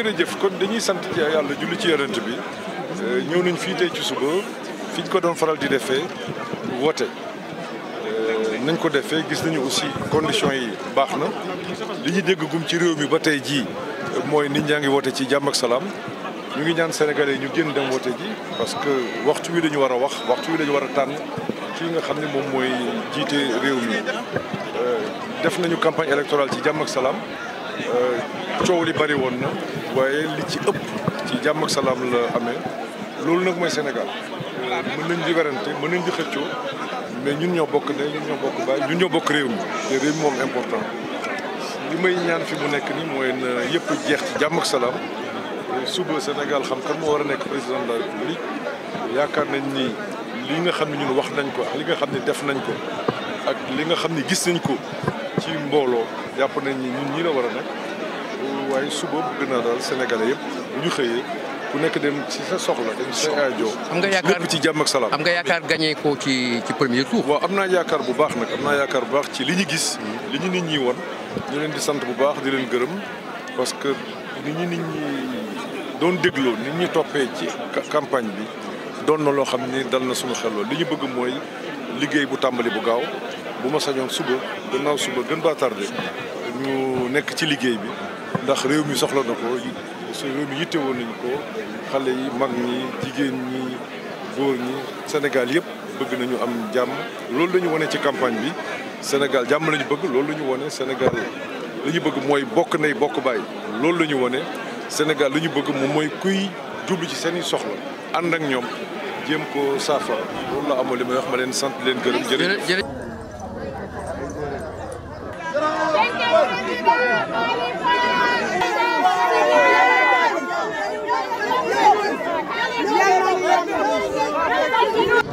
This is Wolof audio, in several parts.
jërëjëf kon dañuy sant ci yàlla julli ci yonent bi euh, ñëw nañ fii tey ci suba fi ñu ko doon faral di defee woote euh, nañ ko defee gis nañu aussi conditions yi baax na li ñu dégg gum ci réew mi ba tey jii mooy nit ñaa ngi woote ci jàmm ak salaam ñu ngi ñaan sénégalais ñu génn dem woote ji parce que waxtu wi dañu war a wax waxtu wi dañu war a tànn kii nga xam ne moom mooy jiite réew mi euh, def nañu campagne électorale ci jàmm ak salaam coow li bari woon na waaye li ci ëpp ci jàmm ak salaam la amee loolu nag mooy Sénégal mën nañ di werante mën nañ di xëccoo mais ñun ñoo bokk ne ñun ñoo bokk baay ñun ñoo bokk réew mi te réew mi moom important li may ñaan fi mu nekk ni mooy na yëpp jeex ci jàmm ak salaam suba Sénégal xam kan moo war a nekk président de la République yaakaar nañ ni li nga xam ne ñun wax nañ ko li nga xam ne def nañ ko ak li nga xam ne gis nañ ko ci mbooloo jàpp nañ ñi ñun ñii la war a nekk waaye suba bëgg naa daal Sénégalais yëpp bu ñu xëyee ku nekk dem ci sa soxla dem ci sa aajo. am nga yaakaar lépp ci jàmm ak am nga yaakaar gagné ko ci ci premier tour. waaw am naa yaakaar bu baax nag am naa yaakaar bu baax ci li ñu gis. li ñu nit ñi won ñu leen di sant bu baax di leen gërëm parce que nit ñu nit ñi doon dégloo nit ñu toppee ci campagne bi doon na loo xam ni dal na suñu xel li ñu bëgg mooy liggéey bu tàmbali bu gaaw bu ma sañoon suba gannaaw suba gën baa tardé ñu nekk ci liggéey bi. ndax réew mi soxla na ko réew mi yitte woon nañu ko xale yi mag ñi jigéen ñi góor ñi Sénégal yëpp bëgg nañu am jàmm loolu la ñu wane ci campagne bi Sénégal jàmm lañu bëgg loolu la ñu wane Sénégal li ñu bëgg mooy bokk nay bokk bàyyi loolu la ñu wane Sénégal li ñu bëgg moom mooy kuy jublu ci seen i soxla ànd ak ñoom jéem ko saafara loolu la amoo li may wax ma leen sant leen gërëm jërëjëf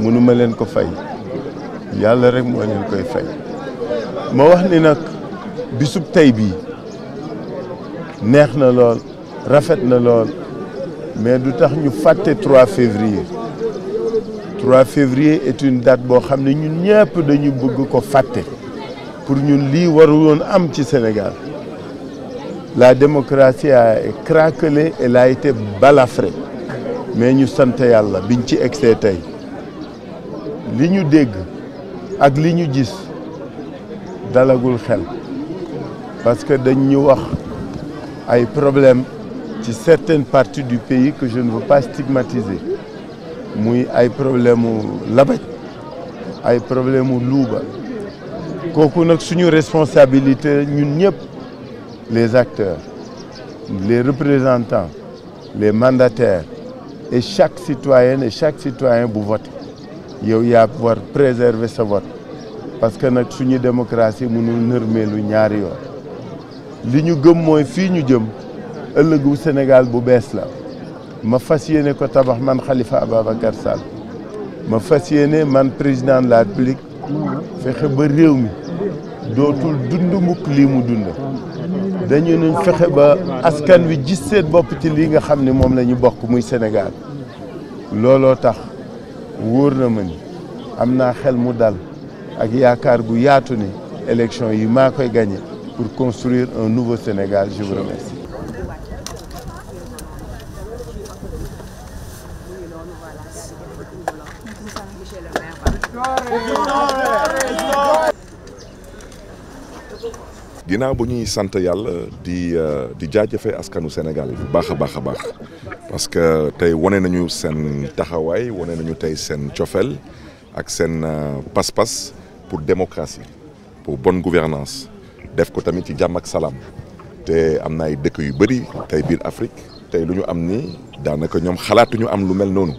mënuma leen ko fay yàlla rek moo leen koy fay ma wax ni nag bisub tey bii neex na lool rafet na lool mais du tax ñu fàtte 3 février 3 février est une date boo xam ne ñun ñëpp dañu bëgg ko fàtte pour ñun lii waru woon am ci Sénégal la démocratie a craquelé et elle a été balafrée mais ñu sant yàlla biñ ci egsee tey ce que nous ak li gis dalagul parce que nous avons des problèmes problème certaines parties du pays que je ne veux pas stigmatiser muy ay problème mu labaj ay problème là luuba Nous avons suñu responsabilité ñun ñëpp les acteurs les représentants les mandataires et chaque citoyenne et chaque citoyen bu vote yow ya pouvoir préserver sa vote parce que notre suñu démocratie mënul neurmelu ñaar gëm Sénégal bu la Khalifa Sall ma man président de la République fexé ba réew mi dootul dund mukk mu dund dañu ñu fexé ba askan wi ci Sénégal wóor na ma ni am naa xel mu dal ak yaakaar gu yaatu ni élection yi maa koy gagné pour construire un nouveau Sénégal je vous remercie ginnaaw Santéal, ñuy sant yàlla di euh, di askanu Sénégal bu baax parce que tey wane nañu seen taxawaay wane nañu tey seen ak seen euh, pas-pas pour démocratie pour bonne gouvernance def ko tamit ci jàmm ak salaam te ay dëkk yu bëri tey biir Afrique tey lu am nii daanaka ñoom xalaatuñu am lu mel noonu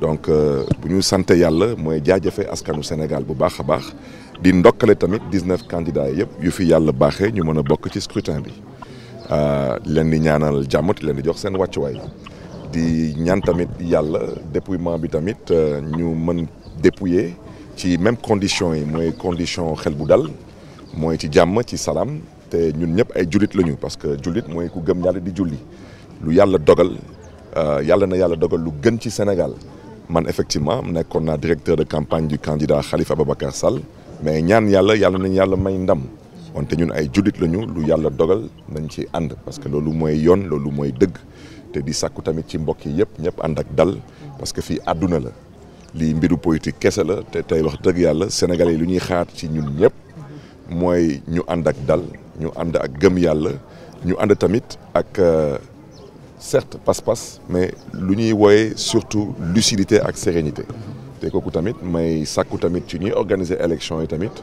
donc euh, bu ñu askanu Sénégal bu baax a di avons tamit 19 candidats yépp yu fi yàlla baaxee ñu mën a bokk ci scrutin bi ah, leen di ñaanal jàmm leen jox di ñaan tamit dépouillement bi tamit euh, ñu mën ci même condition condition xel bu dal ci ci ñun ay lañu parce que ku gëm di julli lu dogal euh, na dogal lu gën Sénégal man effectivement nekkoon naa directeur de campagne du candidat Khalifa Ababacar Sall mais ñaan yalla yalla nañ yalla may ndam wante ñun ay lañu lu yalla dogal nañ ci parce que lolu qui yoon lolu moy deug te di sakku tamit ci mbokk yi ak dal parce que fi aduna la Li mbiru politique kessa la te tay wax deug yalla sénégalais lu ñuy xaar ci ñun ñëpp moy ñu and ak dal ñu and ak gëm yalla ñu and tamit ak euh, certes passe-passe mais lu ñuy woyé surtout lucidité ak sérénité te kooku tamit may sàkku tamit ci ñuy organiser élection yi tamit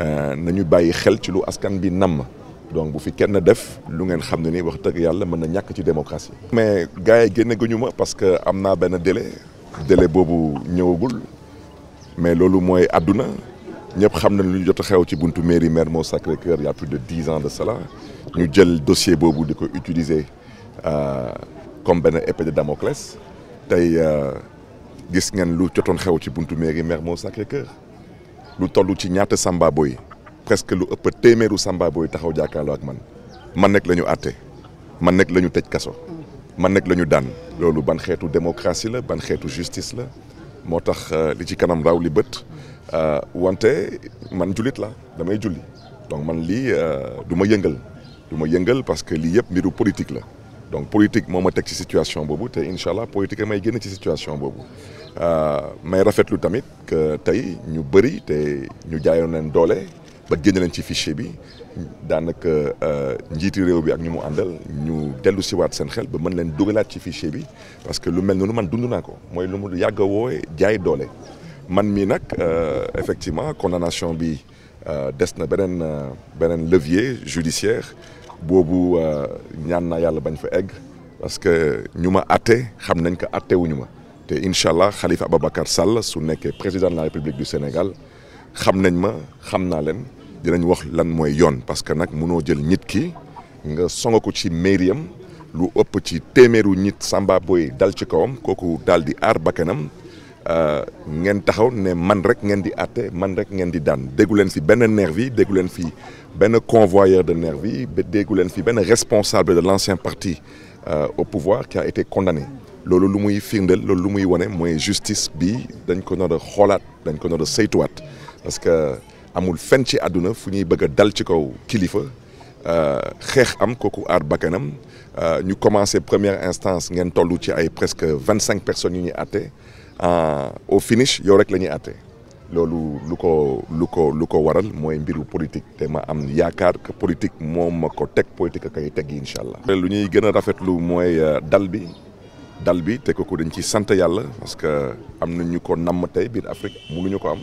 euh, nañu bàyyi xel ci lu askan bi donc bu fi kenn def lu ngeen xam wax dëgg yàlla ci démocratie. mais gars yi génne parce que am naa délai délai boobu ñëwagul mais loolu mooy ñëpp xam lu jot a xew ci buntu mairie Sacré-Cœur il y a plus de dix ans de cela ñu jël dossier boobu di utiliser euh, comme benn épée de Damoclès euh, gis ngeen lu xew ci buntu Sacré-Cœur lu samba boy presque lu ëpp samba boy taxaw ak man man nek la atté man nek lañu tej kasso man démocratie la ban justice la euh, li ci kanam euh, la damay julli donc man euh, du moyengle du parce que li politique donc politique moo ma teg ci situation boobu te incha allah politique may génn ci situation boobu euh, may rafetlu tamit que tay ñu bëri te ñu jaayoon leen doole ba génn leen ci fichier bi euh njiti réew bi ak ñu mu andal ñu dellu ci waat seen xel ba mën leen dugalaat ci fichier bi parce que lu mel noonu man dund naa ko mooy lu mu yàgg a jaay doole man mii nag euh, effectivement condamnation bi euh, des na beneen beneen levier judiciaire boobu euh, ñaan naa yàlla bañ fa egg parce que ñu ma atte xam nañ ko atte wuñu ma te incha allah Khalifa Ababacar Sall su nekkee président de la République du Sénégal xam nañ ma xam naa leen dinañ wax lan mooy yoon parce que nag mënoo jël nit ki nga songa ko ci mairie am lu ëpp ci téeméeru nit Samba Boy dal ci kawam kooku daal di aar bakkanam euh, ngeen taxaw ne man rek ngeen di atte man rek ngeen di daan déggu leen fi benn nervi déggu leen fi Ben convoyeur de nervis Ben responsable de l'ancien parti parti euh, au pouvoir qui a été condamné loolu lu muy firndeel loolu lu muy wane mooy justice bi dañ ko nar a xoolaat dañ ko nar a parce que amul fenn ci àdduna fu ñuy bëgg dal ci kaw kilifa euh, xex am euh, ñu commencé première instance ngeen tollu ci ay presque 25 personnes personnes yu ñuy àtte au finish yow rek la ñuy loolu lu ko lu ko lu ko waral mooy mbiru politique te ma am yaakaar que politique moom ma ko teg politique a koy teg incha allah. lu ñuy gën a rafetlu mooy euh, dal bi dal bi te kooku dañ ci sant yàlla parce que am na ñu ko namm tey biir Afrique mënuñu ko am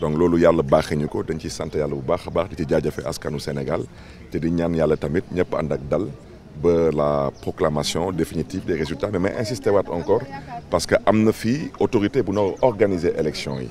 donc loolu yàlla baaxee ñu ko dañ ci sant yàlla bu baax a baax di ci jaajëfe askanu Sénégal te di ñaan yàlla tamit ñëpp ànd ak dal. ba la proclamation définitive des résultats mais may insister waat encore parce que am na fii autorité bu na organiser élection yi